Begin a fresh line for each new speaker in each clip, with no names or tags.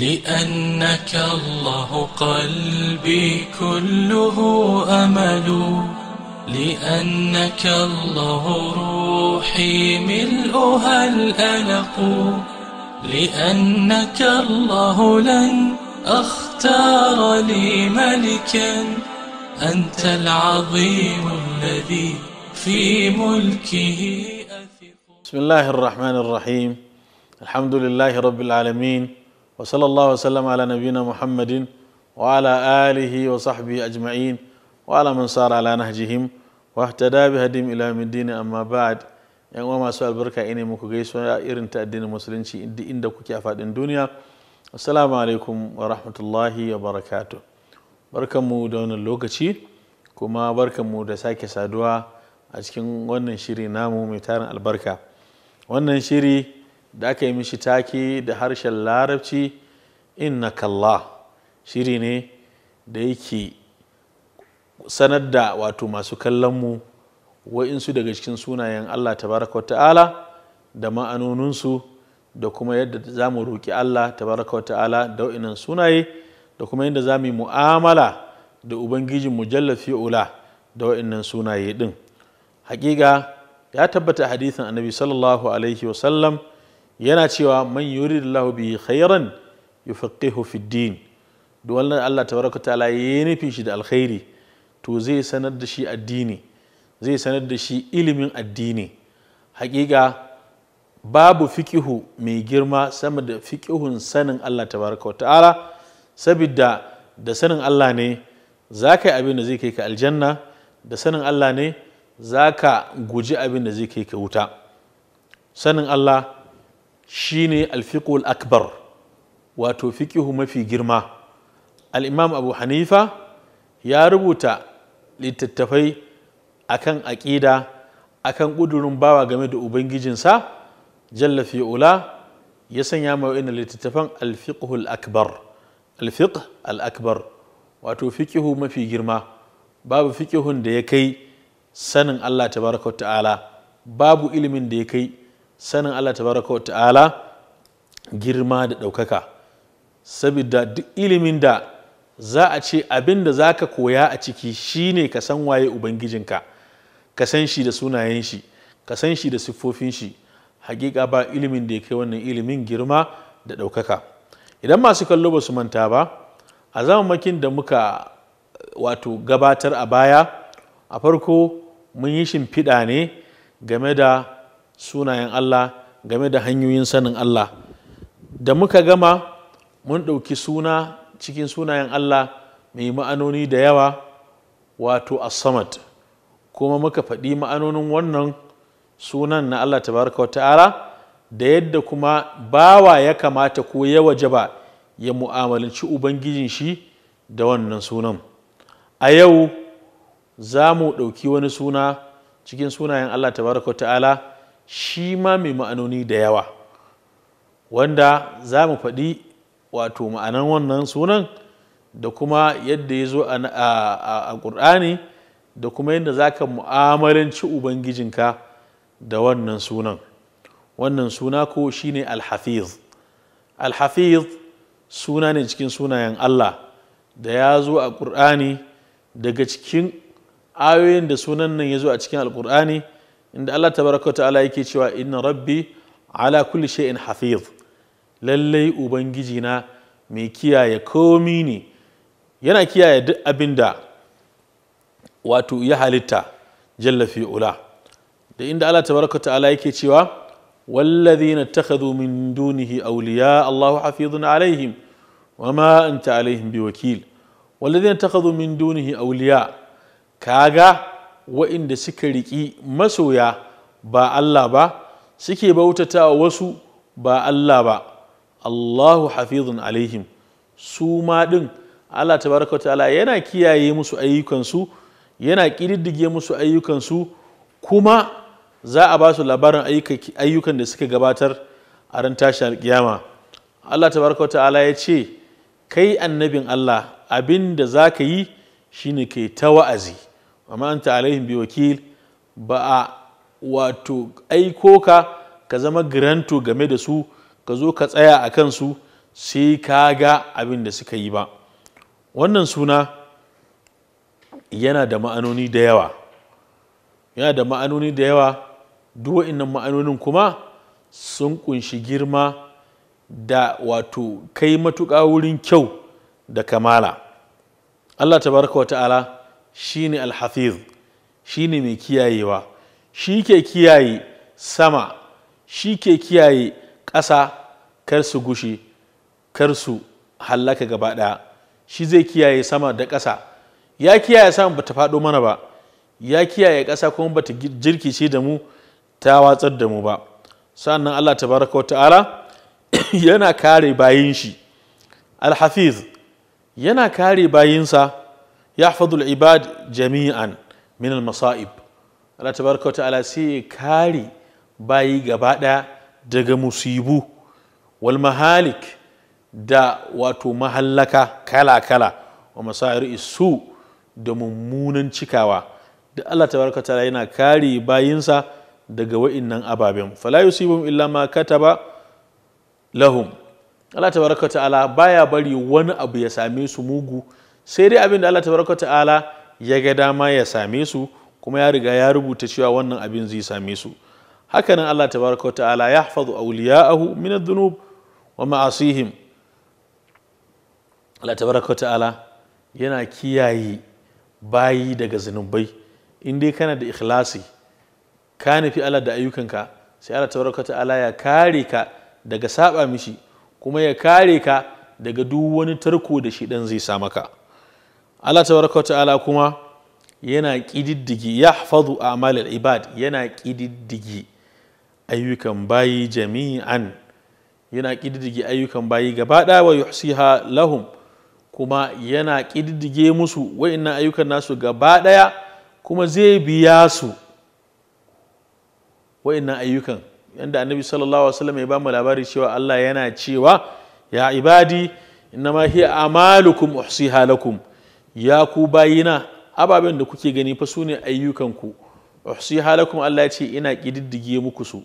لأنك الله قلبي كله أمل لأنك الله روحي ملؤها الألق لأنك الله لن أختار لي ملكا أنت العظيم الذي في ملكه أثق بسم الله الرحمن الرحيم الحمد لله رب العالمين wa sallallahu wasallam ala nabiyina muhammadin wa ala alihi wa sahbihi ajma'in wa ala man sara ala nahjihim wa ihtada bi hadim amma ba'd yan uwa masu albarka ine muku gaisuwa irin ta addinin musulunci inda kuke a fadin duniya assalamu alaikum wa rahmatullahi wa barakatuh barkanmu da wannan lokaci kuma barkanmu da sake saduwa a cikin wannan shiri namu mai tarin albarka wannan shiri da aka yi mishi taki da harshen larabci inna kalla shiri ne da yake sanar da wato masu kallonmu wa'insu daga cikin sunayen Allah tabaraka wa ta'ala da ma'anoninsu da kuma yadda za mu roƙi Allah tabaraka wa ta'ala da wa'inan sunaye da kuma yadda za mu yi mu'amala da Ubangijin mujallar fi'ula da wa'inan sunaye ɗin. Hakika ya tabbata hadithin annabi sallallahu alaihi wasallam yana cewa man yuridillahu bi khairan yufaqihu fi din duk wannan Allah tabaraka ta'ala ya nufin shi da alkhairi to zai sanar da shi addini zai sanar da shi ilimin addini hakika babu fikihu mai girma sama da fikihun sanin Allah tabaraka wa ta'ala sabidda da sanin Allah ne zaka yi abin da zai kai ka aljanna da sanin Allah ne zaka guji abin da zai kai ka wuta sanin Allah Shi ne alfiqul akbar wato fiqihu mafi girma al'imam abu hanifa ya rubuta littattafai akan aƙida akan ƙudurin bawa game da ubangijinsa jalla ula. ya sanya ma ina littattafan alfiqhul akbar alfiq al-akbar wato fiqihu mafi girma babu fiƙihun da ya kai sanin Allah tabaraka ta'ala babu ilimin da ya kai sanin Allah Ta Wa ta'ala girma da ɗaukaka saboda duk ilimin da za a ce abin da za ka koya a ciki shine ka san waye ubangijinka ka san shi da sunayen shi ka san shi da siffofin shi hakika ba ilimin da ya kai wannan ilimin girma da ɗaukaka idan masu kallo ba su manta ba a zamamakin da muka wato gabatar a baya a farko mun yi shimfiɗa ne game da sunayen Allah game da hanyoyin sanin Allah da muka gama mun ɗauki suna cikin sunayen Allah mai ma'anoni da yawa wato asamad kuma muka faɗi ma'anonin wannan sunan na Allah tabaraka wa ta'ala da yadda kuma bawa ya kamata ko ya waje ba ya mu'amalanci ubangijin shi da wannan sunan a yau za mu ɗauki wani suna cikin sunayen Allah tabaraka wa ta'ala shi ma mai ma'anoni da yawa wanda za mu faɗi wato ma'anan wannan sunan da kuma yadda ya zo a ƙur'ani da kuma yadda za ka mu'amalanci ubangijinka da wannan sunan wannan suna ko shi ne alhafiz alhafiz suna ne cikin sunayen allah da ya zo a ƙur'ani daga cikin ayoyin da sunan nan ya zo a cikin alƙur'ani inda Allah ta ta'ala yake cewa inna rabbi ala kulli shay'in hafiz lallai ubangiji na mai kiyaye komi ne yana kiyaye duk abin da wato ya halitta jalla ula da inda Allah ta wa ta'ala yake cewa والذين اتخذوا من دونه أولياء الله حفيظ عليهم وما أنت عليهم بوكيل والذين اتخذوا من دونه أولياء كاغا wa'inda suka riƙi masoya ba Allah ba suke bautata wa wasu ba Allah ba Allahu hafizun alaihim su ma ɗin Allah ta tabaraka ta'ala yana kiyaye musu ayyukansu yana ƙididdige musu ayyukansu kuma za a ba su labarin ayyukan da suka gabatar a ran tashi alƙiyama Allah ta tabaraka ta'ala ya ce kai annabin Allah abin da za ka yi shine kai ta wa'azi amma an alaihim bi wakil ba a wato aiko ka ka zama giranto game da su ka zo ka tsaya a kansu sai ka ga abin da suka yi ba wannan suna yana da ma'anoni da yawa yana da ma'anoni da yawa duk wa'innan ma'anonin kuma sun kunshi girma da wato kai matuƙa wurin kyau da kamala Allah tabaraka wa ta'ala shine alhafiz shine mai kiyayewa shi ke kiyaye sama shi ke kiyaye ƙasa kar su gushi kar su hallaka gaba ɗaya shi zai kiyaye sama da ƙasa ya kiyaye sama bata faɗo mana ba ya kiyaye ƙasa kuma bata jirkice da mu ta watsar da mu ba sannan Allah tabaraka wa ta'ala yana kare bayin shi alhafiz yana kare bayinsa yahfadhu al-ibad jami'an min masaib Allah tabaraka wa ta'ala sai kare bayi gaba daya daga musibu Walmahalik da wato mahallaka kala kala wa masa'ir isu da mummunan cikawa da Allah tabaraka wa yana kare bayinsa daga wa'innan ababen fala yusibum illa ma kataba lahum Allah tabaraka wa ta'ala baya bari wani abu ya same su mugu sai dai abin da Allah tabaraka ta'ala ya ga dama ya same su kuma ya riga ya rubuta cewa wannan abin zai same su hakanan Allah tabaraka ta'ala ya hafazu awliya'ahu min adh-dhunub wa ma'asihim Allah tabaraka ta'ala yana kiyaye bayi daga zunubai in dai kana da ikhlasi ka nufi Allah da ayyukanka sai Allah tabaraka ta'ala ya kare ka daga saba mishi kuma ya kare ka daga duk wani tarko da shi dan zai sa maka Allah tabaraka wa ta'ala kuma yana ƙididdige. ya hafazu a ibad yana kididdigi ayyukan bayi jami'an yana kididdigi ayyukan bayi gaba wa yuhsiha lahum kuma yana ƙididdige musu wa'innan ayyukan nasu gaba daya kuma zai biya su wa'innan ayyukan yanda annabi sallallahu alaihi wasallam ya ba mu labari cewa Allah yana cewa ya ibadi innama hiya amalukum uhsiha lakum ya ku bayina ababen da kuke gani fa sune ayyukanku uhsi halakum Allah ce ina kididdige muku su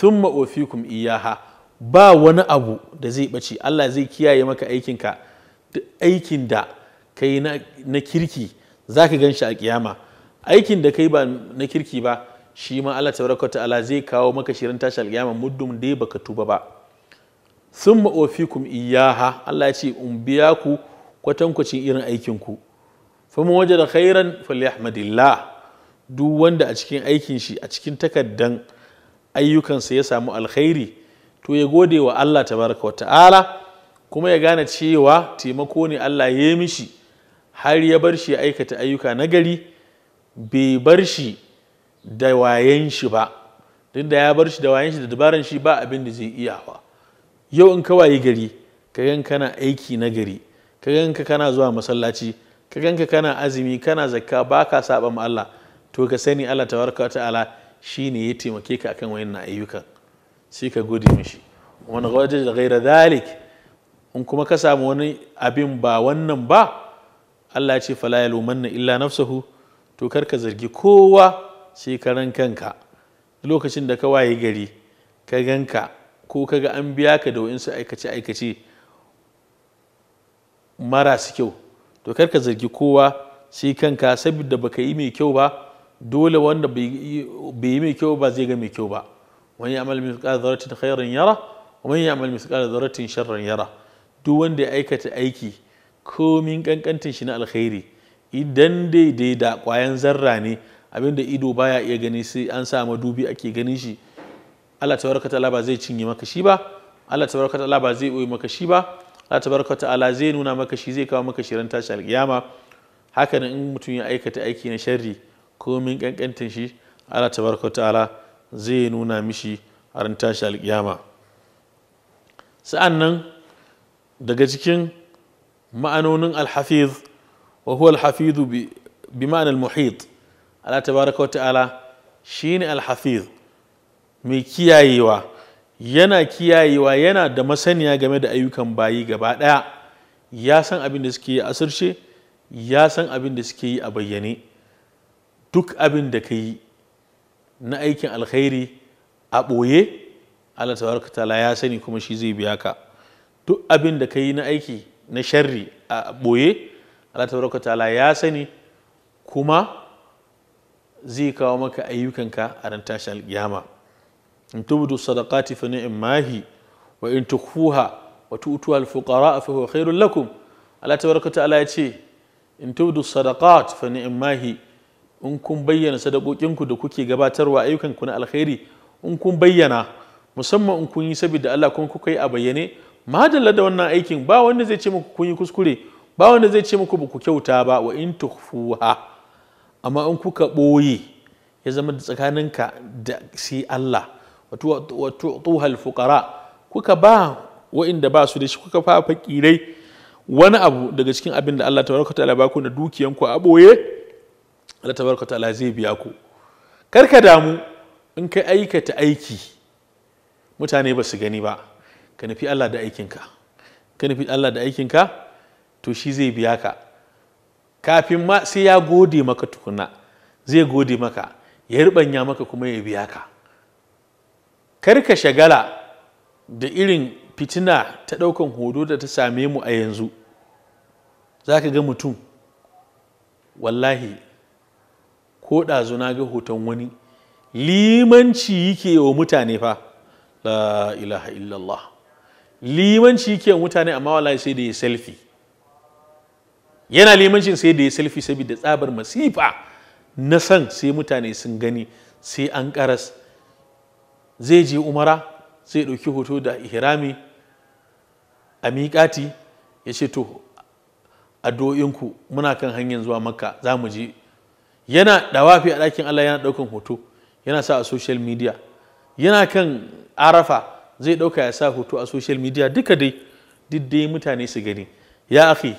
thumma ufikum iyaha ba wani abu da zai bace Allah zai kiyaye maka aikinka ka aikin da kai na, kirki zaka ganshi a kiyama aikin da kai ba na kirki ba shi ma Allah tabaraka ta'ala zai kawo maka shirin tashi alkiyama muddum dai baka tuba ba thumma ufikum iyaha Allah ya ce in biya ku kwatankwacin irin aikinku famin waje da khairan falyahmadillah duk wanda a cikin aikin shi a cikin takardan ayyukansa ya samu alkhairi to ya gode wa Allah tabaraka ta'ala kuma ya gane cewa taimako ne Allah ya yi mishi har ya bar shi ya aikata ayyuka na gari bai bar shi da wayan shi ba duk da ya bar shi da wayan shi da dabaran shi ba abin da zai iya ba yau in ka wayi gari ka kana aiki na gari ka ganka kana zuwa masallaci ka ganka kana azumi kana zakka baka saba ma Allah to ka sani Allah tabaraka ta'ala shine ya taimake ka akan wayannan ayyukan sai ka gode mishi wani gwaje da gaira dalik in kuma ka samu wani abin ba wannan ba Allah ya ce fala ya lumanna illa nafsahu to kar ka zargi kowa sai ka ran kanka lokacin da ka waye gari ka ganka ko ka ga an biya ka da wayansu aikace aikace marasu kyau to karka zargi kowa sai kanka saboda baka yi mai kyau ba dole wanda bai yi mai kyau ba zai ga mai kyau ba wani amal misqala dharratin khairan yara wa man ya'mal misqala dharratin sharran yara duk wanda ya aikata aiki komin kankantin shi na alkhairi idan daidai da kwayan zarra ne abinda ido baya iya gani sai an sa madubi ake ganin shi Allah tabaraka ta'ala ba zai cinye maka shi ba Allah tabaraka ta'ala ba zai oye maka shi ba Allah ta ala zai nuna maka shi zai kawo maka shirin tashi alkiyama haka in mutum ya aikata aiki na sharri min kankantin shi Allah ta ala zai nuna mishi a ran tashi alkiyama nan daga cikin ma'anonin alhafiz wa huwa alhafizu bi ma'an almuhit Allah ta ala shine alhafiz mai kiyayewa yana kiyayewa yana da masaniya game da ayyukan bayi gaba ɗaya ya san abin da suke yi a asirce ya san abin da suke yi a bayyane duk abin da ka yi na aikin alkhairi a ɓoye Allah tabaraka ta'ala ya sani kuma shi zai biya ka duk abin da ka yi na aiki na sharri a ɓoye Allah tabaraka ta'ala ya sani kuma zai kawo maka ayyukanka a ran tashin alƙiyama in tubdu sadaqati fa ni'mahi wa in tukhuha wa tu'tuha al-fuqara fa huwa khairul lakum Allah tabaraka ta'ala ya ce in tubdu sadaqat fa ni'mahi in kun bayyana sadakokinku da kuke gabatarwa ayyukan ku na alheri. in kun bayyana musamman in kun yi saboda Allah kuma kuka yi a bayyane madalla da wannan aikin ba wanda zai ce muku kun yi kuskure ba wanda zai ce maku baku kyauta ba wa in tukfuha amma in kuka ɓoye ya zama da tsakaninka da shi Allah wa fuqara kuka ba wa'inda ba su da shi kuka fa fakirai wani abu daga cikin abin da Allah tabaraka ta'ala ba ku na dukiyanku a boye Allah tabaraka ta'ala zai biya ku karka damu in kai aikata aiki mutane ba su gani ba ka nufi Allah da aikinka ka nufi Allah da aikinka to shi zai biya ka kafin ma sai ya gode maka tukuna zai gode maka ya ribanya maka kuma ya biya ka karka shagala da irin fitina ta ɗaukan hodo da ta same mu a yanzu za ka ga mutum wallahi ko ɗazu na ga hoton wani limanci yake wa mutane fa la ilaha illallah limanci yake wa mutane amma wallahi sai da ya selfi yana limancin sai da ya selfie saboda tsabar masifa na san sai mutane sun gani sai an karas zai je umara sai ɗauki hoto da ihrami a miƙati ya ce to addu'o'inku muna kan hanyar zuwa makka za mu je yana dawafi a ɗakin allah yana ɗaukan hoto yana sa a social media yana kan arafa zai ɗauka ya sa hoto a social media duka dai duk dai mutane su gani ya afi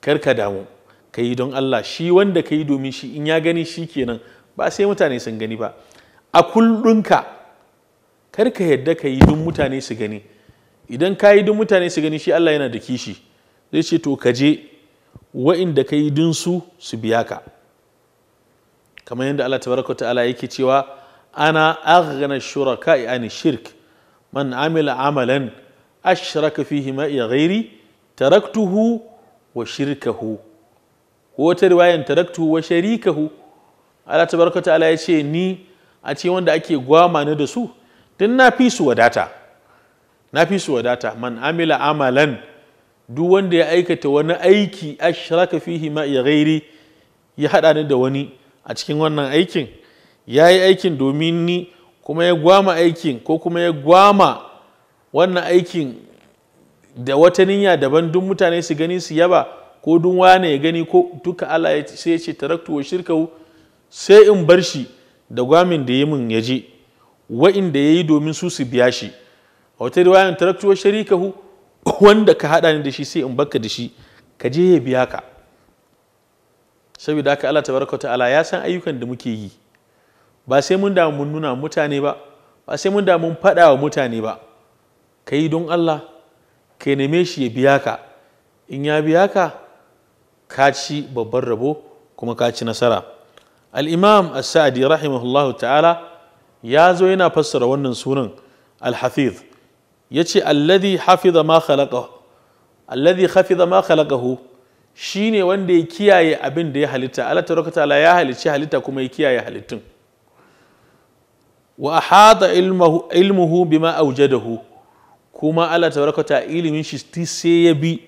karka damu ka yi don allah shi wanda ka yi domin shi in ya gani shi kenan ba sai mutane sun gani ba a kullunka kar ka yadda ka yi don mutane su gani idan ka yi don mutane su gani shi Allah yana da kishi zai ce to ka je wa'inda ka yi don su su biya ka kamar yadda Allah tabaraka ta'ala yake cewa ana aghna shuraka yani shirk man amila amalan ashraka fihi ma ya ghairi taraktuhu wa shirkahu wata riwayan taraktuhu wa sharikahu Allah tabaraka ta'ala ya ni a ce wanda ake gwama da su tun na fi su wadata na fi su wadata man amila amalan duk wanda ya aikata wani aiki ashraka fihi ma ya gairi ya hada ni da wani a cikin wannan aikin ya yi aikin domin ni kuma ya gwama aikin ko kuma ya gwama wannan aikin da wata niyya daban duk mutane su gani su yaba ko duk wane ya gani ko duka Allah sai ya ce taraktu wa shirkahu sai in bar shi da gwamin da yi min ya je wa'inda ya yi domin su su biya shi a wata riwayan taraktuwar sharikahu wanda ka haɗa ni da shi sai in baka da shi ka je ya biya ka saboda haka Allah tabaraka ta'ala ya san ayyukan da muke yi ba sai mun da mun nuna mutane ba ba sai mun da mun faɗa wa mutane ba ka yi don Allah ka neme shi ya biya ka in ya biya ka ka ci babban rabo kuma ka ci nasara al-imam as-sa'di rahimahullahu ta'ala ya zo yana fassara wannan sunan alhafiz ya ce alladhi hafiza ma khalaqa alladhi hafiza ma khalaqahu shine wanda ya kiyaye abin da ya halitta Allah tabaraka ya halicci halitta kuma ya kiyaye halittun wa ahata ilmuhu ilmuhu bima awjadahu kuma Allah tabaraka ilimin shi sai ya bi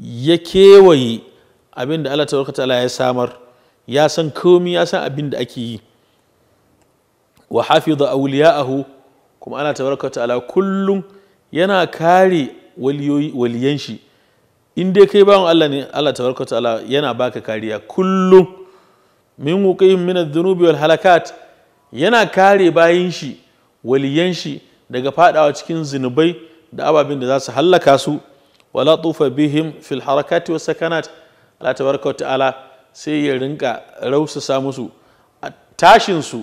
ya kewaye abin da Allah tabaraka ya samar ya san komi ya san abin da ake yi wa hafiza awliya'ahu kuma ana tabaraka ta'ala kullum yana kare waliyan shi in dai kai bawan Allah ne Allah tabaraka ta'ala yana baka kariya kullum min wuqihim min adh-dhunubi wal halakat yana kare bayin shi waliyan shi daga fadawa cikin zinubai da ababen da za su hallaka su wala tufa bihim fil harakati was sakanat Allah tabaraka ta'ala sai ya rinka rausasa musu tashin su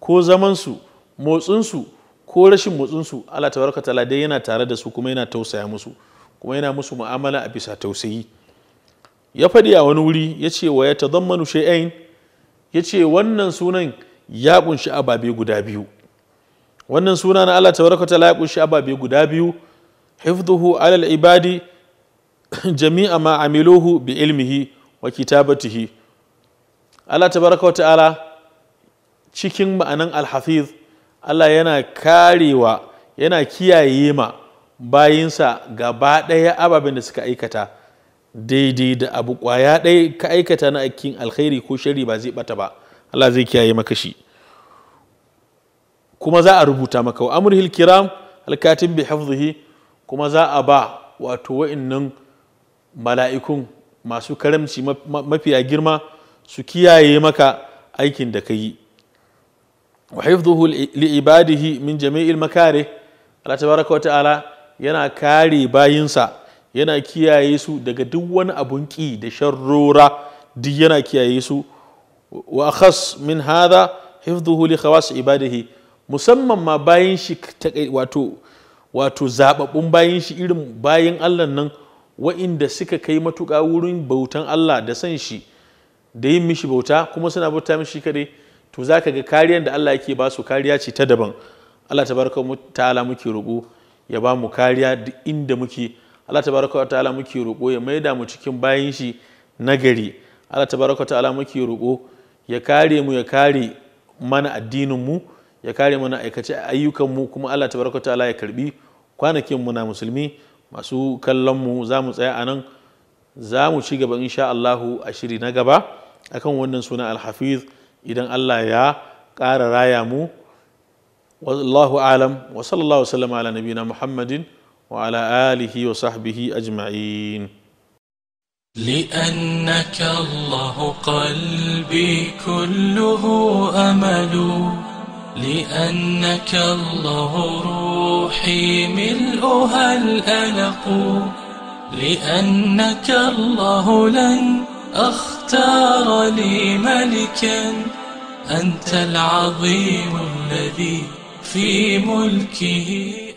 ko zamansu motsinsu ko rashin motsinsu Allah tabaraka ta'ala dai yana tare da su kuma yana tausaya musu kuma yana musu mu'amala a bisa tausayi ya faɗi a wani wuri ya ce wa ya tazammanu shay'ain ya ce wannan sunan ya ƙunshi ababe guda biyu wannan suna na Allah tabaraka ta'ala ya ƙunshi ababe guda biyu hifdhuhu alal ibadi jami'a ma amiluhu bi ilmihi wa kitabatihi Allah tabaraka wa ta'ala cikin ma'anan alhafiz Allah yana karewa yana kiyaye ma bayinsa gaba ɗaya ababen da suka aikata daidai da abu kwaya ɗaya ka aikata na aikin alkhairi ko shari ba zai bata ba Allah zai kiyaye maka shi kuma za a rubuta maka wa amurhil kiram alkatin bi hafzihi kuma za a ba wato wa'innan mala'ikun masu karamci mafiya girma su kiyaye maka aikin da ka yi wa hifdhuhu li ibadihi min jami'il makare Allah tabaraka wa ta'ala yana kare bayinsa yana kiyaye su daga duk wani abun ki da sharrora duk yana kiyaye su wa akhas min hadha hifdhuhu li khawas ibadihi musamman ma bayin shi wato wato zababbun bayin shi irin bayan Allah nan wa'inda suka kai matuka wurin bautan Allah da san shi da yin mishi bauta kuma suna bauta mishi kadai to za ka ga kariyar da Allah yake ba su kariya ce ta daban Allah ta baraka ta'ala muke roƙo ya ba mu kariya duk inda muke Allah ta baraka ta'ala muke roƙo ya maida mu cikin bayan shi nagari Allah ta baraka ta'ala muke roƙo ya kare mu ya kare mana addinin mu ya kare mana aikace ayyukan mu kuma Allah ta baraka ta'ala ya karbi kwanakin mu na musulmi masu kallon mu za mu tsaya a nan za mu ci gaba insha Allahu a shiri na gaba akan wannan suna al idan Allah ya ƙara raya mu wallahu alam wa sallallahu wasallama ala nabina muhammadin wa ala alihi wa sahbihi ajma'in لأنك الله قلبي كله أمل لأنك الله روحي ملؤها الألق لأنك الله لن اختار لي ملكا أنت العظيم الذي في ملكه